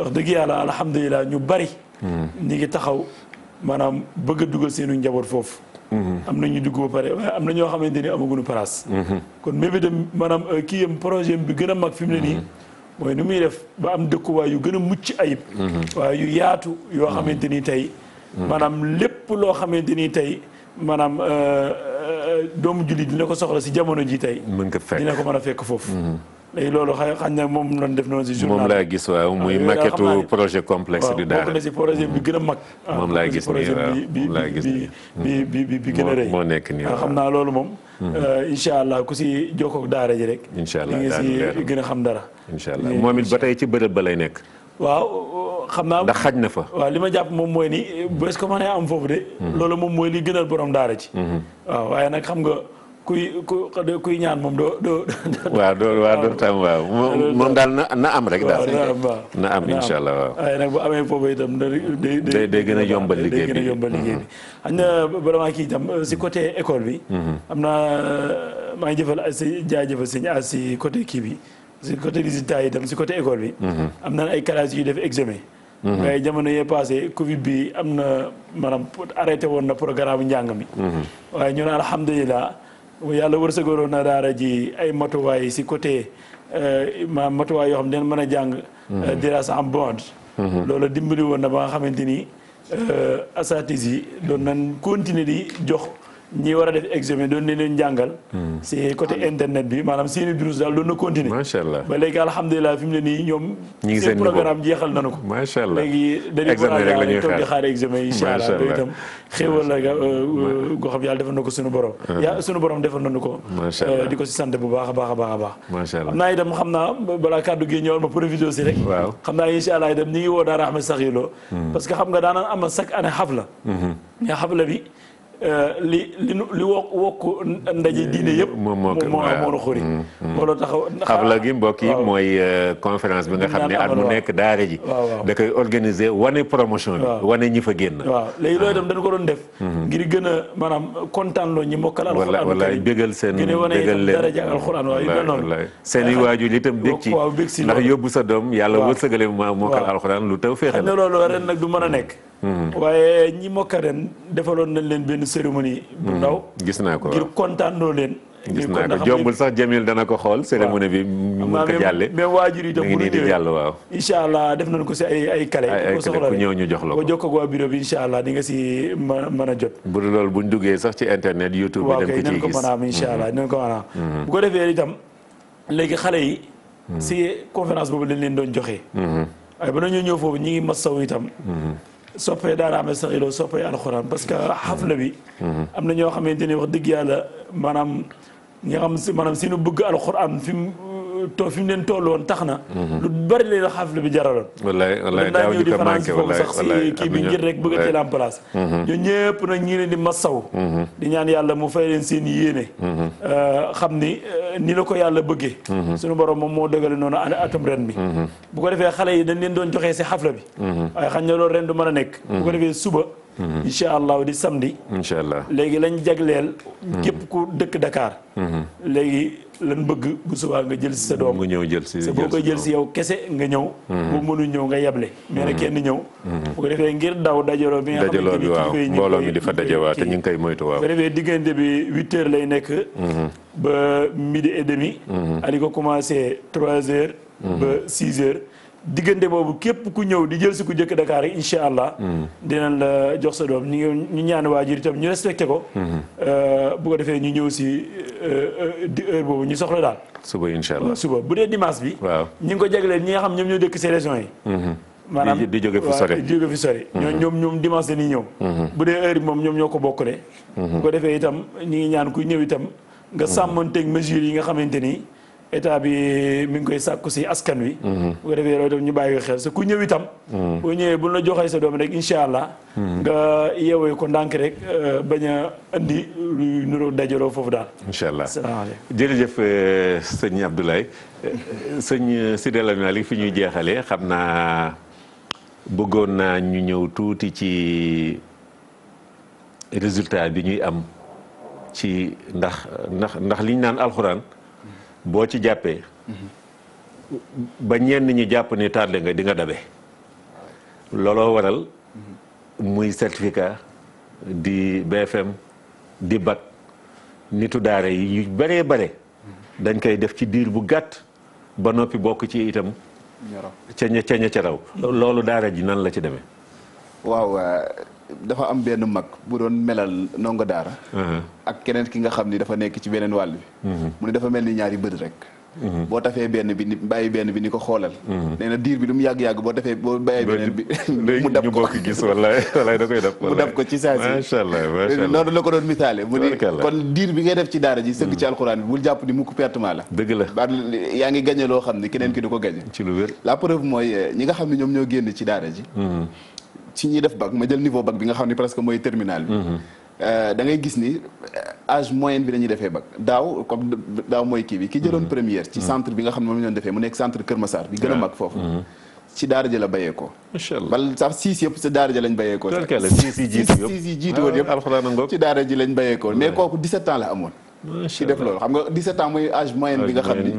wax dëgg yàlla alhamdulilah ñu bari ñi ngi taxaw maanaam bëgg dugal seenu njaboot foofu Mm-hmm. am na ñu dugg ba pare am na ñoo xamante ni amaguñu place. Mm-hmm. kon mébétam maanaam euh, kii yem projet bi gën a mag fi mu ne nii. Mm-hmm. mooy nu muy def ba am dëkkuwaay yu gën a mucc ayib. waaye yaatu yoo xamante ni tey. maanaam lépp loo xamante ni tey maanaam euh, euh, doomu jullit dina ko soxla si jamono ji tey. mën ko fekk dina ko mën a fekk foofu. léegi loolu xañ na moom moom laa gis waaw muy ah, maquette projet complexe du daara bokk bi gën a mag laa gis nii moom laa ah, gis nii bi bi bi bi gën a rëy moo nekk nii ah, xam naa loolu moom hmm. euh, incha allah ku si jokkoo daara ji rek incha allah nga si gën a xam dara incha allah moom it ba ci bërëb ba lay nekk waaw xam naa ndax xaj na fa waaw li ma jàpp moom mooy ni bés ko mën a am foofu de hmm. loolu moom mooy li gënal boroom daara ci hmm. waaw waaye nag xam nga kuy kuy ñaan moom doo doo. waaw doo waaw doo tam waaw moom daal na am rek. daal na am incha allah waaw. waaye nag bu amee foofu itam day day day a liggéey bi day gën a yombal liggéey bi. xam mhm. nga euh, si côté école bi. Mhm. am na euh, maa ngi jëfal si jaajëfal sëñ as si côté kii bi si côté résultat yi itam si côté école bi. Mhm. am na ay classes yu def examen. waaye jamono yee passé Covid bi am na maanaam arrêté woon na programme njàng mi. waaye ñu ne alhamdulilah. yàlla war wërsëgaloon na daara ji ay matuwaay si côté euh, ma matuwaay yoo xam ne mën a jàng. diraas en bond. loolu dimbali woon na ba nga xamante ni euh, asatis yi doon nañ continuer di jox. ñi war a def examen doon ne leen jàngal. Hmm. si côté internet bi maanaam seen i durus daal doon na continuer. macha allah ba léegi alhamdulilah fi mu ne nii ñoom. ñu ngi seen programme jeexal nañu ko. macha allah léegi dañuy programme toog di xaar euh, euh, na ko sunu borom. Uh-huh. ya sunu borom defal nañu ko. macha euh, di ko si sant bu baax a baax a baax a baax. macha allah xam naa itam xam naa balaa kàddu gi ñëwal ma profité si waaw xam na incha allah itam ñu ngi woo daara Ahmed Sakhilo. Hmm. que xam nga daanaan am chaque année xafla. Hmm. mais xafla bi Euh, li li li wokk ndaje diine mm, yëpp. moom moo ko moo a xori. Mm, mm. loolu tax xabla gi mbokk yi mooy euh, conférence bi nga xam ne at mu nekk daara ji. da koy organiser wane promotion bi. wane ñi fa génn. waaw léegi loolu itam dañu ko doon def. Mm-hmm. ngir gën a maanaam kontaan loo ñi mokkal alxuraan. wallaay bégal seen bégal leen dara jàng alxuraan waaw yu mel noonu. i waajur itam bég ci ndax yóbbu sa doom yàlla wërsëgale ma mokkal alxuraan lu taw féexal. xam ne loolu ren nag du mën a nekk. Mm-hmm. waaye ñii mokk ren defaloon nañ leen benn cérémonie. bu mm-hmm. ndaw gis naa ko ngir kontaanoo leen. gis naa ko jombul sax Jamil dana ko xool cérémonie bi mun ko jàlle mais waajur yi tam bu ñu di jàll waaw incha allah def nañ ko si ay ay kale ay ñëw ñu jox la ko jokkoo ak waa bureau bi allah di nga si mën a jot bu lool bu ñu duggee sax ci internet youtube bi dem ko ciy gis waaw kay nañ ko mën am mm-hmm. ko mën a am bu ko defee itam léegi xale yi si conférence boobu lañ leen doon joxe waaye ba nañu ñëw foofu ñi ngi masaw itam soppee daaraamee sax iloo soppee alxuraan parce que xafla bi mm-hmm. am na ñoo xamante ni wax dëgg yàlla maanaam ñi xam maanaam seenu bëgg alxuraan fi mu too fi mu leen toll woon tax na. Mhm. lu bari la xaafle bi jaraloon. wallaay wallaay daaw ñu ko manqué wallaay si kii bi ngir rek bëgg a jël en place. ñooñu mhm. ñëpp leen di masaw. Mhm. di ñaan yàlla mu fay leen seen yéene. Euh, xam ni euh, ni la ko yàlla bëggee. suñu borom moom moo dëgale noonu atum ren bi. bu ko defee xale yi dañ leen doon joxee si xafla bi. waaye xam ne loolu ren du mën a nekk. bu ko defee suba. incha allah di samedi. incha allah léegi lañ jagleel. képp ku dëkk Dakar. léegi. lan bëgg bu subaa nga jël si sa doom. nga ñëw jël si boo koy jël si yow kese nga ñëw. Mm-hmm. boo mënul ñëw nga yeble. Mm-hmm. mais nag kenn ñëw. Mm-hmm. bu ko defee ngir daw dajaloo bi nga xamante ni kilifa yi ñu ngi koy mbooloo mi di fa dajewaat te ñu ngi koy moytu waaw. bu ko defee diggante bi huit heures lay nekk. ba midi et demi. ali ko commencé trois heures. ba six heures. diggante boobu képp ku ñëw di jël si ku jëkk Dakar yi incha allah. dinañ la jox sa doom ñu ñu ñaan waajur itam ñu respecté ko. Euh, bu ko defee ñu ñëw si Euh, di heure boobu ñu soxla daal. suba incha allah suba bu dee dimanche bi. waaw ñu ko jagleel ñi nga xam ñoom ñoo dëkk ces régions yi. Mhm. maanaam di jóge fi sori di jóge fi sori. Mhm. ñoom ñoom ñoom dimanche ñëw. Mhm. bu dee heure bi moom ñoom ñoo ko bokkale. bu ko defee itam ñi ngi ñaan kuy ñëw itam. nga sàmmanteeg mesures yi nga xamante ni. état bi mi ngi koy sàkku si askan wi. Mhm. bu ko defee loolu itam ñu bàyyi xel sa ku ñëw itam. Mhm. bu ñëwee bu la joxee sa doom rek incha allah. Mhm. nga yeewee ko ndànk rek euh, bañ a andi lu nuroo dajaloo foofu daal. incha allah salaamaaleykum jërëjëf euh, sëñ Abdoulaye euh, sëñ Sidi Lamine fi ñuy jeexalee xam naa bëggoon naa ñu ñëw tuuti ci résultat bi ñuy am ci ndax ndax ndax liñ naan alxuraan. boo ci jàppee ba ñenn ñi jàpp ni tardé nga di nga dabe looloo waral muy certificat di BFM di bag nitu daara yi yu bëree bare dañ koy def ci diir bu gàtt ba noppi bokk ci itam ca ña ca raw loolu daara ji nan la ci demee dafa am benn mag bu doon melal nongo daara. Uh-huh. ak keneen ki nga xam ni dafa nekk ci beneen wàll bi. Uh-huh. mu ne dafa mel ni ñaari bët rek. Uh-huh. boo tafee benn bi ni bàyyi benn bi ni ko xoolal. nee na diir bi lu mu yàgg yàgg boo tafee boo bàyyi beneen bi. [laughs] [laughs] mu dab ko ñu bokk gis wallaay wallaay [laughs] ko ci saa si la ko doon misaale. mu ni kon diir bi def ci daara ji. sëgg ci hmm. alxuraan bi bul jàpp ni mukk pertement la. dëgg la ba yaa ngi gañe loo xam ne keneen ki du ko gañe. ci lu wér mooy eh, ñi nga xam ne ñoom ñoo génn ci daara ji. Hmm. ci ñuy def bac ma jël niveau bac bi nga xam ni presque mooy terminal bi mhm. euh, da ngay gis ni euh, âge moyenne bi dañuy defee bac daaw comme daaw mooy kii bi ki jëloon mhm. première ci mhm. centre bi nga xam ne moom la defee mu nekk centre Kër Massar bi gën a mag foofu ci daara ja la bayee ko macha allah bal sax siis yëpp ci daara ja lañ bayee ko siis yi jiitu woon ah, yëpp alxuraan ngoog ci daara ji lañ bayee mais kooku 17 ans la amoon ci def loolu xam nga 17 ans mooy âge moyen bi nga xam ni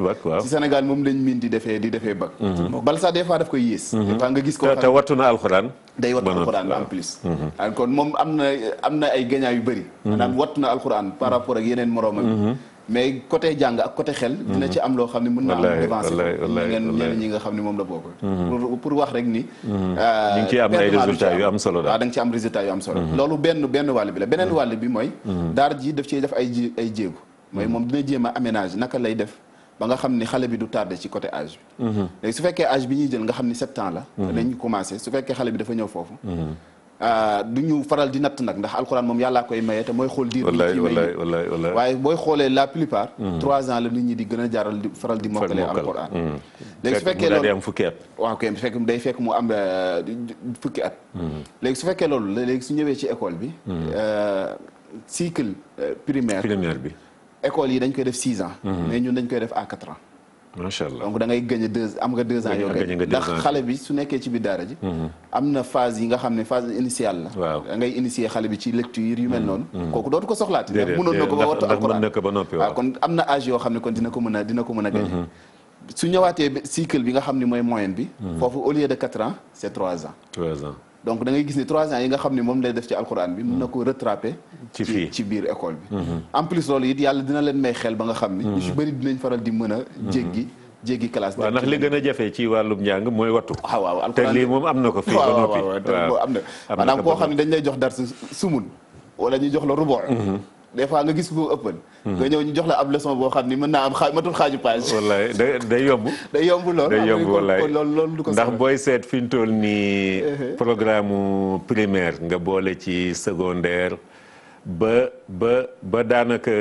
ci Sénégal moom lañ miin di defee di defee bac mhm. bal sax des fois daf koy yées mhm. des fois nga gis ko te wattu na alxuraan day wattu alxuraan en plus mhm. ah, kon moom am na am na ay gagnants yu bëri maanaam wattu na alxuraan par rapport ak yeneen moroomam mais côté jàng ak côté xel. dina ci mhm. am loo xam ne mën naa am devancer ñeneen ñi nga xam ne moom la bokk. Mhm. pour wax rek ni. Mhm. Euh, ñu ngi ciy am solo daal da nga ci am résultats yu am solo. loolu benn benn wàll bi la beneen wàll bi mooy. daar ji daf ciy def ay ji ay jéego. mooy moom dina jéem aménage naka lay def. ba nga xam ni xale bi du tardé ci côté âge bi. su fekkee âge bi ñuy jël nga xam ni sept la. dañu commencé su fekkee xale bi dafa ñëw foofu. Euh, du ñu faral di natt nag ndax al alxuraan moom yàllaa koy maye te mooy xool diir wallaay wallaay wallaay waaye booy xoolee la plupart hmm. trois ans la nit ñi di gën a jaaral di faral di mokkalee alxuraan hmm. léegi su fekkee loolu am fukki at waaw kay fekk day fekk mu euh, fukki at hmm. léegi su fekkee loolu léegi su ñëwee ci école bi euh, cycle primaire primaire bi école yi dañ koy def six ans mais ñun dañ koy def à quatre ans macha allah donc da ngay gagné deux am nga deux ans yow kay ndax xale bi su nekkee ci biir daara ji mhm. am na phase yi nga xam ne phase initiale la waaw da ngay xale bi ci lecture yu mel mhm. noonu mhm. kooku dootu ko soxlaati ndax mënoon na ko ba wattu alxuraan mën na ko ba noppi waaw kon am na âge yoo xam ne kon dina ko mën a dina a gagné su ñëwaatee cycle bi nga xam ni mooy moyenne bi foofu au lieu de quatre ans c'est trois ans donc dangay gis ni trois ans yi nga xam ni moom lay def ci alquran bi mun na ko rattraper ci fii ci biir école bi mhm. en plus loolu it yàlla dina leen may xel ba nga xam ni mhm. ñu si bëri dinañ faral di mën a mhm. jéggi jéggi classe waaw nax li gën a jafe ci wàllum njàng mooy wattu ah, waaw waaw te lii moom am na ko fii ba noppi waaw am na maanaam koo xam ne dañ lay jox dar su sumun wala ñu jox la rubo des fois nga gis ko ëppal nga ñëw ñu jox la ab leçon boo xam ni mën naa am xaaj matul xaaju page wallaay day day yomb day yomb lool day yomb wallaay loolu loolu ko ndax booy seet fi ñu toll nii uh-huh. programme primaire nga boole ci secondaire ba ba daanaka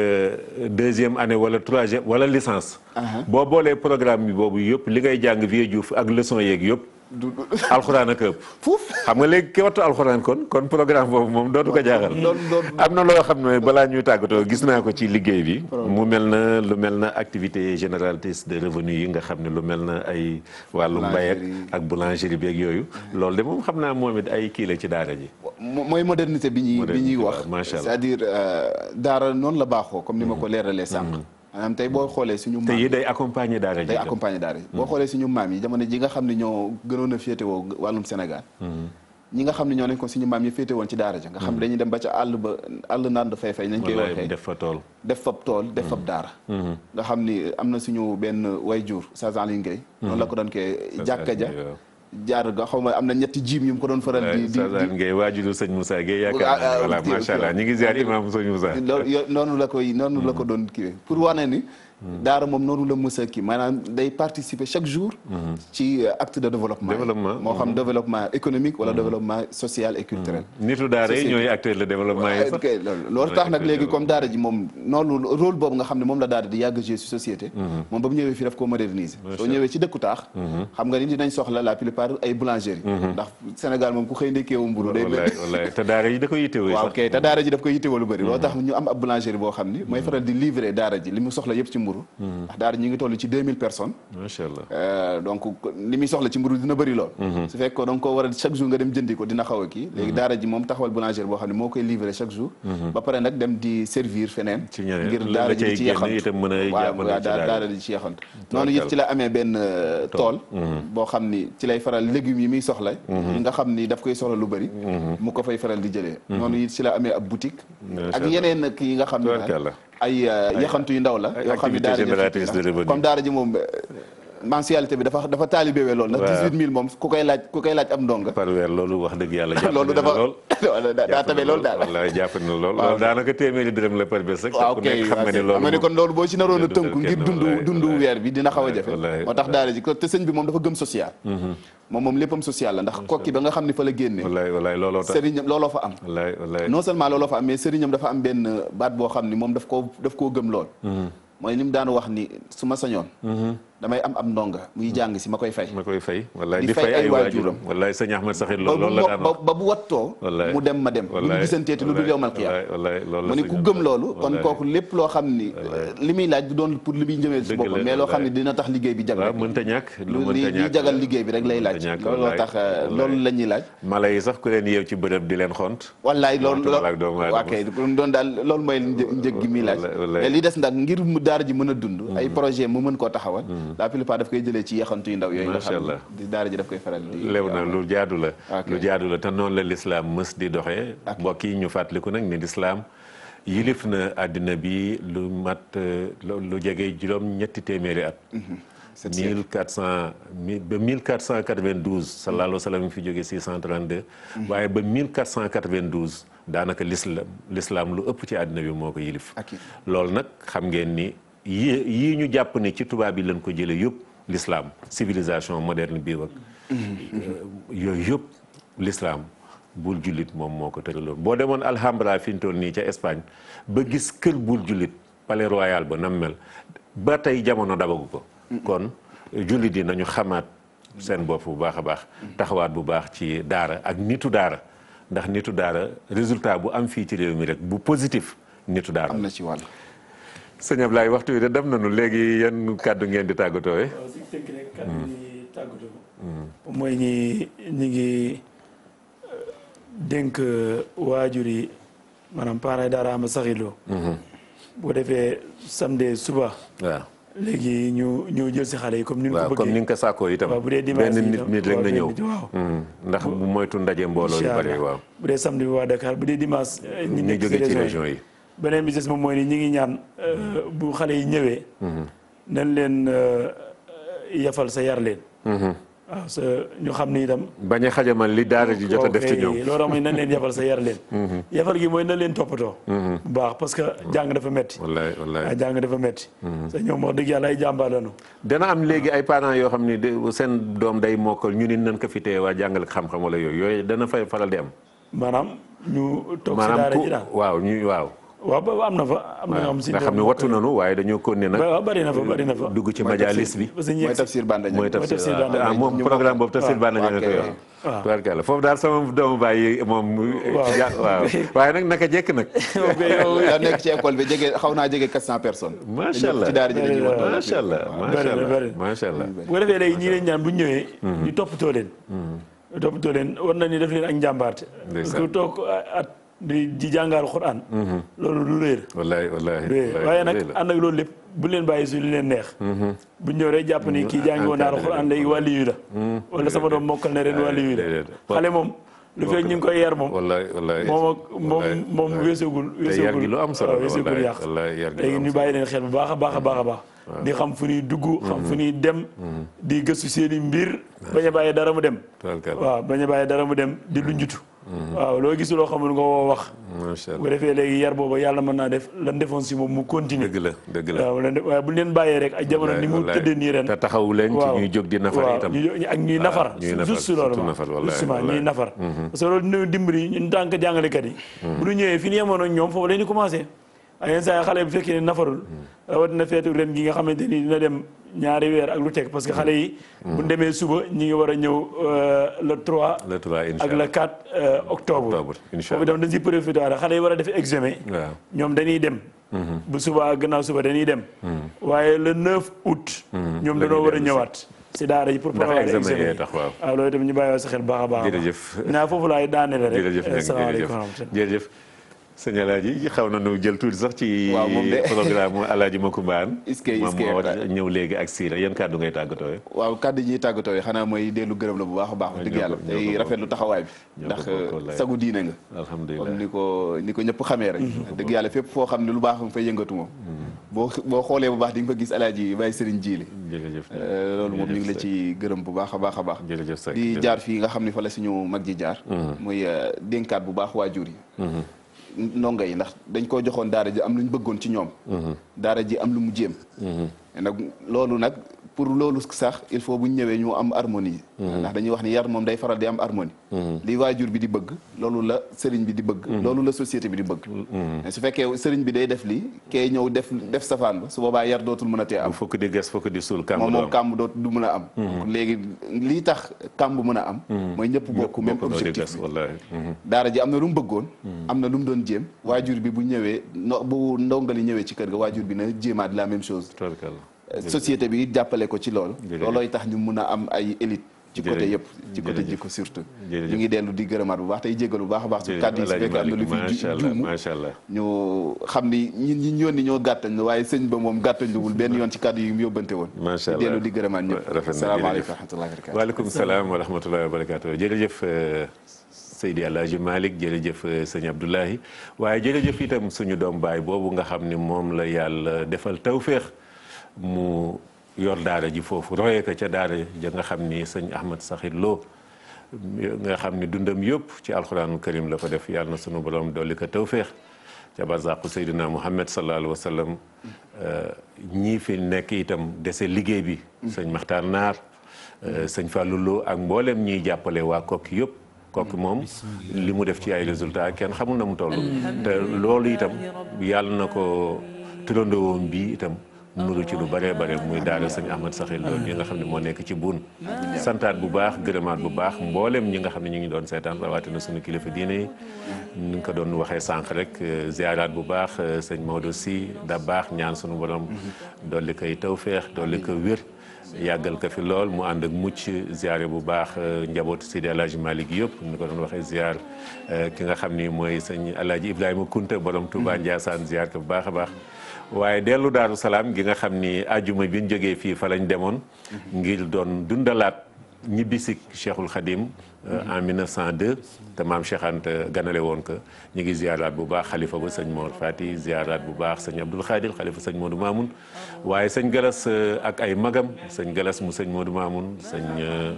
deuxième année wala troisième wala licence uh-huh. boo boolee programme bi boobu yëpp li ngay jàng vieux Diouf ak leçon yeeg yëpp du [laughs] alxuraan ak ëpp. xam nga léegi ki wattu alxuraan kon kon programme boobu moom dootu ko jaaxal. am na loo xam ne balaa ñuy tàggatoo gis naa ko ci liggéey bi. mu mel na lu mel na activité génératrice de revenu yi nga xam ne lu mel na ay. wàllu mbay ak boulangerie bi ak yooyu. loolu de moom xam naa moom it ay kii la ci daara ji. mooy modernité bi ñuy bi ñuy wax. macha allah cest à euh, daara noonu la baaxoo comme ni ma ko leeralee sànq. Mm-hmm. maanaam tey boo xoolee suñu maam yi day accompagner daara day accompagner mm-hmm. boo xoolee suñu maam yi jamono ji nga xam ne ñoo gënoon a féetewoo wàllum Sénégal mm-hmm. ñi nga xam ne ñoo nekkoon suñu maam yi féete woon ci daara ja nga xam ne mm-hmm. dañuy dem ba àll ba àll nand fay fay nañ koy waxee def fa tool def fab tool def fab daara nga xam ni am na suñu benn way jur Sazan Aliou Guèye noonu la ko doon ke jàkka ja jaar ga xaw ma am na ñetti jiim yi mu ko doon faral di. di di ngay waajulu sëñ Moussa Gueye yaakaar naa ah, voilà macha allah ñu ngi ziar imam sëñ Moussa. loolu noonu la koy noonu la ko hmm. doon kiiwee pour wane ni. daara moom noonu la mës a kii maanaam day participer chaque jour. Mhm. ci euh, acte de développement développement moo xam mhm. développement économique wala mhm. développement social et culturel. nitu daara yi ñooy acteur de développement yi sax. noonu rôle boobu nga xam ne moom la daara di yàgg a société. moom ba ñëwee fii daf koo moderniser. soo ñëwee ci dëkku taax. xam nga ni dinañ soxla la plupart ay boulangerie. ndax Sénégal moom ku xëy ndekkeewu mburu day daara ji da koy yittewoo. waaw kay te daara ji daf koy yittewoo lu bëri. loolu tax mburu ndax daara ñi ngi toll ci 2000 personnes euh, donc li muy soxla ci mburu dina bëri lool mhm. su fekkoo da nga a chaque jour nga dem jëndi ko dina xaw a kii léegi mhm. daara ji moom taxawal boulanger boo xam ne moo koy livrer chaque jour mhm. ba pare nag dem di servir feneen ngir daara ji ci yeexantu noonu it ci la amee benn euh, tool boo xam ni ci lay faral légumes yi muy soxla nga xam ni daf koy soxla lu bëri mu ko fay faral di jëlee noonu it ci la amee ab boutique ak yeneen ak Euh, ay yaxantu yu ndaw la yoo xam ne daara ji comme daara moom euh, mensualité bi dafa dafa taalibe lool ndax 18000 moom ku koy laaj ku koy laaj am ndonga par weer loolu wax dëgg yàlla [laughs] loolu dafa [laughs] daa tamit loolu daal wallaay jàpp na lool loolu daanaka téeméeri dërëm la par bés rek waaw kay xam nga ni kon loolu boo ci naroon a tënku ngir dund weer bi dina xaw a jafe moo tax daara ji te sëñ bi moom dafa gëm social mhm. moom léppam social la ndax kokki ba nga xam ne fa la génnee wallaay wallaay looloo tax sëriñam looloo fa am wallaay wallaay non seulement looloo fa am mais sëriñam dafa am benn baat boo xam ni moom daf koo daf koo gëm lool mhm. mooy li mu daan wax ni su ma sañoon mhm. damay am am ndonga muy hmm. jàng si ma koy fay. ma koy fay wallaay di fay ay waajuram wallaay sëñ Ahmed Saxir loolu la daan ba bu wattoo mu dem ma dem lu ñu lu dul yowmal qiyaam mu ni ku gëm loolu kon kooku lépp loo xam ni euh, li muy laaj du doon pour li muy njëmee si boppam mais loo xam ne dina tax liggéey bi jagal mënta ñàkk lu mënta ñàkk li liggéey bi rek lay laaj looloo tax euh, loolu la ñuy laaj mala yi sax ku leen yeew ci bërëb di leen xont wallaay loolu waa kay doon daal loolu mooy njëg gi muy laaj mais li des nag ngir mu daara ji mën a dund ay hmm. projet mu mën koo taxawal hmm. Mm. la plupart daf koy jëlee ci yaxantu yi ndaw yooyu nga xam ne daara ji daf koy faral di lew na lu jaadu la lu jaadu la te noonu la lislaam mës di doxee mbokk yi ñu fàttaliku nag ne lislaam yilif na àddina bi lu mat euh, lu jege juróom ñetti téeméeri at 1400 mhm. ba 1492 sallallahu alayhi wa sallam fi jóge 632 mhm. waaye ba 1492 daanaka l'islam l'islam lu ëpp ci àddina bi moo ko yilif loolu nag xam ngeen ni yi yii ñu jàpp ne ci tubaab yi lañ ko jëlee yëpp lislaam civilisation moderne bii ak euh, yooyu yëpp l'islam buur jullit moom moo ko tëraloon boo demoon Alhambra fi ñu toll nii ca Espagne ba gis kër buur jullit palais royal ba nam mel ba tey jamono dabagu ko kon jullit yi nañu xamaat seen bopp bu baax a baax taxawaat bu baax ci daara ak nitu daara ndax nitu daara résultat bu am fii ci réew mi rek bu positif nitu daara am na ci sëñ Ablaye waxtu wi de dem nu léegi yan kàddu ngeen di tàggatoo eh. Hmm. Hmm. mooy ñi ñi ngi dénk waajur yi maanaam parents daara am saxiloo. Hmm. boo defee samedi suba. waaw léegi ñu ñu jël si xale yi comme ni nga ko bëggee ni nga ko sàkkoo itam. waaw bu dee dimanche benn nit nit rek na ñëw ndax moytu ndaje mbooloo yu bari waaw. bu dee samedi bi waa Dakar bu dee dimanche. Eh, nit ñi ci région yi. beneen bi des moom mooy ni ñi ngi ñaan mmh. bu xale yi ñëwee. Mmh. nañ leen euh, euh, yafal sa yar leen. Mmh. ñu xam ni itam. bañ a xajamal li daara ji jot a def ci ñoom loolu mooy nañ leen yafal sa yar leen. yafal gi mooy nañ leen toppatoo. bu baax parce que jàng dafa metti wallaay wallaay ah, jàng dafa metti sa ñoom wax dëgg yàlla ay jàmbaar dana am léegi ay parents yoo xam ni seen doom day mokkal ñu ni nan ko fi tee waa jàngal xam-xam wala yooyu yooyu dana fay faral di am. maanaam ñu toog si daara ji daal waaw ñu waaw. waaw ba am na fa. am na ñoo xam ne wattu nañu waaye dañoo continuer nag. waaw bari na fa bari na fa dugg ci majalis bi. mooy tafsir Banda Ndiaye mooy tafsir ah, moom programme boobu tafsir Banda Ndiaye nga foofu daal sama doomu bàyyi moom. waaw waaye nag naka jekk nag. daa [laughs] école bi jege xaw naa jege 400 personnes. macha allah ci daara ji dañuy wax macha allah macha allah macha allah. bu ko defee léegi ñi leen ñaan bu ñu ñëwee. Hmm. ñu toppatoo leen. Hmm. toppatoo leen war nañu def toog di di jàngal Quran. Mhm. loolu du réer. waaye nag ànd ak loolu lépp bu leen bàyyi su li leen neex. Mhm. bu ñëw rek jàpp ni mhm. kii jàngi naar daara Quran léegi wàlli yu la. wala sama doom mokkal na ren wàlli yu la xale moom. lu fekk ñu ngi koy yar moom wallaay wallaay moom moom moom weesagul weesagul lu am solo weesagul yàq léegi ñu bàyyi leen xel bu baax a baax a baax a di xam fu ñuy dugg xam fu ñuy dem di gëstu seeni mbir bañ a bàyyi dara mu dem waaw baña bàyyi dara mu dem di lu njutu waaw loo gis loo xamul nga woo wax. macha allah bu defee léegi yar booba yàlla mën naa def lan defoon si moom mu continuer dëgg la dëgg waaye bu leen bàyyee rek. ay jamono ni mu tëddee nii ren. te taxawu leen ci ñuy jóg di nafar itam. ak ah, ñuy nafar. juste loolu justement ñuy nafar. Mhm. parce que loolu dinañu yi. Mhm. bu ñu ñëwee fi ñu yemoon ak ñoom foofu la ñu commencé. yenn saa xale bu fekkee ne nafarul. Mhm. rawatina feetu ren gi nga xamante ni dina dem ñaari weer ak lu teg parce que xale yi. bu demee suba ñi ngi war a ñëw euh, le 3. le 3 incha allah ak le 4 euh, octobre. octobre incha allah boobu dañ ciy profité waale xale yi war a def examen. ñoom dañuy dem. Mm-hmm. bu suba gannaaw suba dañuy dem. Mm-hmm. waaye le 9 août. Mm-hmm. ñoom dañoo war a ñëwaat. si daara yi pour. préparer examen yi tax waaw. waaw ah, loolu itam ñu bàyyi sa baax a baax. jërëjëf naa foofu laay daanele rek. jërëjëf jërëjëf salaamaaleykum sëñ Alaaji na nañu jël tuuti sax ci. waaw moom de programme mu Alaaji Makumba Anne. est-ce moom ñëw léegi ak Sira yan kàddu ngay tàggatoo waaw kàddu ji tàggatoo mooy dellu gërëm la bu baax a baax. dëgg yàlla day rafetlu taxawaay bi. ndax sagu diine nga. alhamdulilah comme ni ko ni ko ñëpp xamee rek. dëgg yàlla fépp foo xam ne lu baax nga fay yëngatu moom. Mm-hmm. boo boo xoolee bu baax di nga fa gis Alaaji Baye Serigne Jiile. jërëjëf euh, loolu moom ñu ngi la ci gërëm bu baax a baax a baax. di jaar fii nga xam ne fa la ñu mag ji jaar. Mm-hmm. muy euh, dénkaat bu baax waajur yi mm-hmm. ndongo yi ndax dañ koo joxoon daara ji am lu ñu bëggoon ci ñoom mhm. daara ji am lu mu jéem mhm. loolu nag pour loolu sax il faut bu ñu ñëwee ñu am harmonie. Mhm. ndax dañuy wax ni yar moom day faral di am harmonie. Mhm. li waajur bi di bëgg loolu la sëriñ bi di bëgg. Mhm. loolu la société bi di bëgg. mais su fekkee sëriñ bi day def lii kee ñëw def def safaan ba su boobaa yar dootul mën a tee am. fokk di gas fokk di suul kàmb moom moom kàmb mën a am. léegi lii tax kàmb mën a am. mooy ñëpp bokk même objectif bi daara ji am na lu mu bëggoon. am na lu mu doon jéem waajur bi bu ñëwee no bu ndongali ñëwee ci kër ga waajur bi na jéemaat la même chose. Euh, société bi jàppale ko ci lool loolooy tax ñu mun a am ay élite ci côté yëpp ci côté jikko surtout ñu ngi dellu di gërëmaat bu baax tey jégal bu baax a baax su kàddu yi su fekk am na lu fi juum ñu xam ni ñi ñi yónni ñoo gàttañ la waaye sëñ ba moom gàttañ luwul benn yoon ci kaddu yi mu yóbbante woon macha allah dellu di gërëmaat ñëpp salaamaaleykum wa rahmatullahi wa barakatu waaleykum salaam wa rahmatullahi wa barakatu jërëjëf euh, Seydi El Hadji Malick jërëjëf euh, sëñ waaye jërëjëf itam suñu doom baay boobu nga xam ne moom la yàlla defal tawféex mu yor daara ji foofu royee ca daara ja nga xam ni sëñ Ahmad Saxir Lo nga xam ni dundam yëpp ci alxuraanul karim la fa def yàlla na sunu borom dolli ko tawféex ca barzaqu Seydina Muhammad sallallahu alayhi wa sallam euh, ñii fi nekk itam dese liggéey bi. sëñ Maxtaar Naar. Euh, sëñ Fallou Lo ak mbooleem ñiy jàppale waa Kokki yëpp. Kokki moom li mu def ci ay résultat kenn xamul na mu toll. te loolu itam yàlla na ko turandoowam bi itam. mu ci lu bëree bare muy daara sëñ Ahmad Saxil loolu yi nga xam ne moo nekk ci buun santaat bu baax gërëmaat bu baax mboolem ñi nga xam ne ñu ngi doon seetaan rawatina suñu kilifa diine yi ni nga ko doon waxee sànq rek ziaraat bu baax euh, sañ Maodo si da baax ñaan suñu borom dolli koy tawféex dolli ko wér yàggal ko fi lool mu ànd ak mucc ziare bu baax euh, njabootu Sidi El Hadj Malick yëpp ni ko doon waxee ziar euh, ki nga xam ni mooy sëñ El Hadj Ibrahima Kunta borom Touba Ndiassane ziar ko bu baax a baax waaye dellu daaru salaam gi nga xam ni ajuma bi ñu jógee fii fa lañ demoon. Mhm. ngir doon dundalaat ñibbisik Cheikhul Khadim. Euh, mhm. en 1902. te maam Cheikh Anta ganale woon ko ñu ngi ziaraat bu baax xalifa ba sëñ Mor Fati bu baax sëñ Abdoul Khadir xalifa sëñ Modou Mamoun. Ah waaye sëñ Galas euh, ak ay magam sëñ Galas mu sëñ Modou Mamoun euh,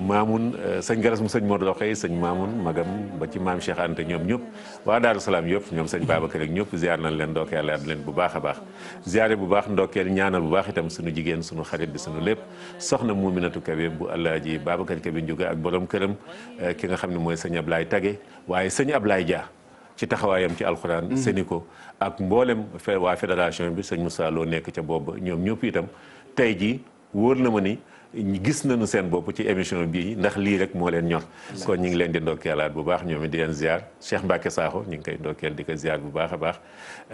maamun euh, sëñ garas mu sëñ Modou Loxey sëñ maamun magam ba ci maam Cheikh Anta ñoom ñëpp waa Daaru Salaam yëpp ñoom sëñ Babacar ak ñëpp ziar nañ leen ndokkeel at leen bu baax a baax ziare bu baax ndokkeel ñaanal bu baax itam suñu jigéen suñu xarit bi suñu lépp soxna Muminatu Kabe bu ji baaba Babacar Kabe Njuga ak boroom këram euh, ki nga xam ne mooy sëñ laay Tage waaye sëñ laay jaa ci taxawaayam ci alxuraan mm. seni ko ak mboolem waa fédération bi sëñ Moussa Lo nekk ca ba ñoom ñëpp itam tey jii wóor na ma ni gis nañu seen bopp ci émission bii ndax lii rek moo leen ñor kon ñu ngi leen di ndokkeelaat bu baax ñoomi di leen ziar Cheikh Mbacke Sakho ñu ngi koy ndokkeel di ko ziar bu baax a baax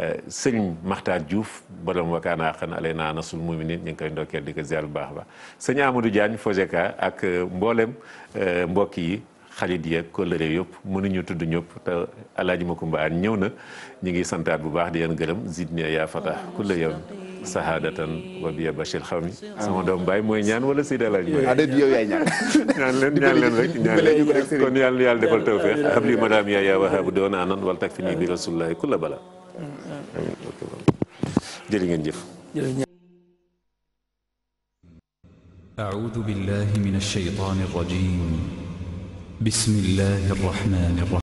euh, sëñ Makhtar Diouf borom wakaanaa xan alay naa nasul muminin ñu ngi koy ndokkeel di ko ziar bu baax a baax sëñ Amadou Diagne ak euh, mboolem euh, mbokk yi xalit yeeg kóllëre yëpp mënuñu tudd ñëpp te alaaji Makumba ñëw na ñu ngi santaat bu baax di leen gërëm zidne yaa fata kulla yow sahaadatan wa biya bashir xawmi sama doom baay mooy ñaan wala Sida laaj mooy adet yow yaay ñaan ñaan leen ñaan leen rek ñaan leen kon yàlla yàlla defal tawfiq habli madame yaa yaa wahaabu doona anan wal takfini bi rasulillahi kulla bala jërë ngeen jëf أعوذ بالله من الشيطان الرجيم بسم الله الرحمن الرحيم